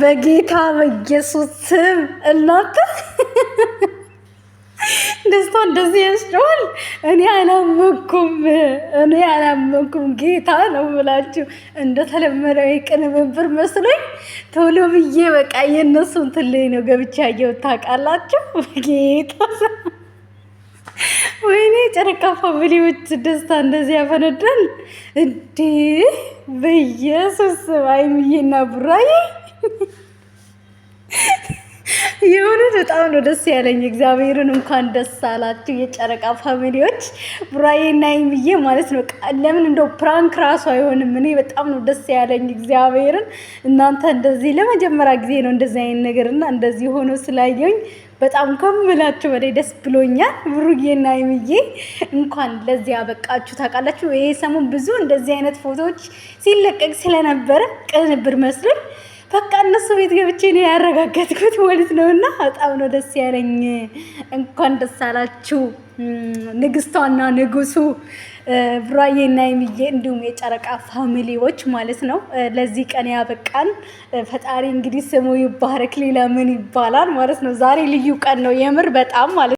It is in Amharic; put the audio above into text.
በጌታ በኢየሱስ ስም እናንተ ደስታ እንደዚህ ያስደዋል። እኔ አላመኩም፣ እኔ አላመኩም። ጌታ ነው ብላችሁ እንደተለመደው የቅንብብር መስሎኝ ቶሎ ብዬ በቃ የእነሱ እንትን ላይ ነው ገብቻ ያየው ታውቃላችሁ። በጌታ ወይኔ ጨረቃ ፋሚሊዎች ደስታ እንደዚህ ያፈነዳል እንዴ! በኢየሱስ አይምዬና ቡራዬ የሆነ በጣም ነው ደስ ያለኝ። እግዚአብሔርን እንኳን ደስ አላችሁ የጨረቃ ፋሚሊዎች፣ ቡራዬና ይምዬ ማለት ነው። ለምን እንደው ፕራንክ ራሱ አይሆንም። እኔ በጣም ነው ደስ ያለኝ እግዚአብሔርን። እናንተ እንደዚህ ለመጀመሪያ ጊዜ ነው እንደዚህ አይነት ነገር እና እንደዚህ ሆኖ ስላየኝ በጣም ከምላችሁ በላይ ደስ ብሎኛል። ብሩዬና ይምዬ እንኳን ለዚህ ያበቃችሁ። ታውቃላችሁ ይሄ ሰሞን ብዙ እንደዚህ አይነት ፎቶዎች ሲለቀቅ ስለነበረ ቅንብር መስሎኝ በቃ እነሱ ቤት ገብቼ ነው ያረጋገጥኩት ማለት ነው። እና በጣም ነው ደስ ያለኝ። እንኳን ደስ አላችሁ ንግስቷና ንጉሱ ብሩዬና የሚዬ እንዲሁም የጨረቃ ፋሚሊዎች ማለት ነው። ለዚህ ቀን ያበቃን ፈጣሪ እንግዲህ ስሙ ይባረክ። ሌላ ምን ይባላል ማለት ነው። ዛሬ ልዩ ቀን ነው የምር በጣም ማለት